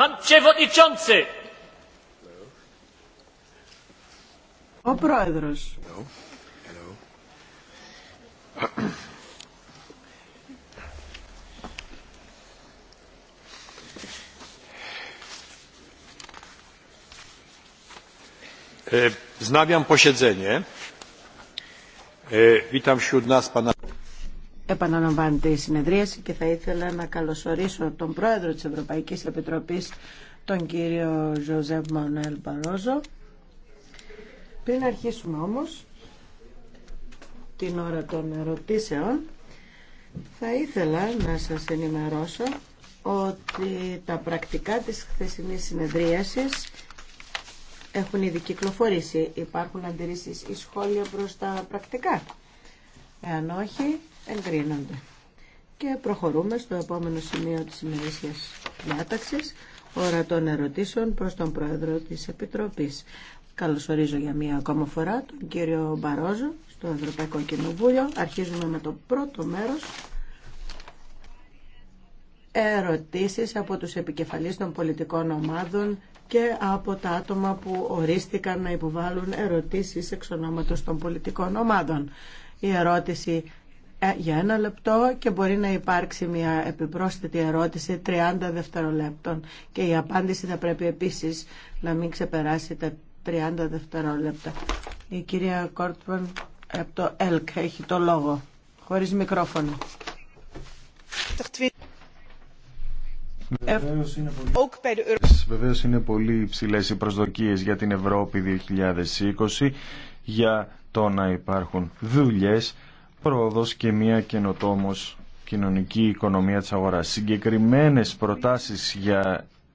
Pan Przewodniczący! Ο Πρόεδρος. Hello. Hello. Wznawiam posiedzenie. Witam wśród nas pana Επαναλαμβάνεται η συνεδρίαση και θα ήθελα να καλωσορίσω τον πρόεδρο της Ευρωπαϊκής Επιτροπής, τον κύριο Ζωζεύ Μανουέλ Παρόζο. Πριν αρχίσουμε όμως την ώρα των ερωτήσεων, θα ήθελα να σας ενημερώσω ότι τα πρακτικά της χθεσινής συνεδρίασης έχουν ήδη κυκλοφορήσει. Υπάρχουν αντιρρήσεις ή σχόλια προς τα πρακτικά. Εάν όχι, εγκρίνονται. Και προχωρούμε στο επόμενο σημείο της ημερήσιας διάταξης, ώρα των ερωτήσεων προς τον Πρόεδρο της Επιτροπής. Καλωσορίζω για μία ακόμα φορά τον κύριο Μπαρόζο στο Ευρωπαϊκό Κοινοβούλιο. Αρχίζουμε με το πρώτο μέρος. Ερωτήσεις από τους επικεφαλείς των πολιτικών ομάδων και από τα άτομα που ορίστηκαν να υποβάλουν ερωτήσεις εξ των πολιτικών ομάδων. Η ερώτηση ε, για ένα λεπτό και μπορεί να υπάρξει μια επιπρόσθετη ερώτηση 30 δευτερολέπτων και η απάντηση θα πρέπει επίσης να μην ξεπεράσει τα 30 δευτερόλεπτα. Η κυρία Κόρτμαν από το ΕΛΚ έχει το λόγο, χωρίς μικρόφωνο. Βεβαίω, είναι, πολύ... Βεβαίως είναι πολύ υψηλές οι προσδοκίες για την Ευρώπη 2020 για το να υπάρχουν δουλειές πρόοδος και μια καινοτόμος κοινωνική οικονομία της αγοράς. Συγκεκριμένες προτάσεις για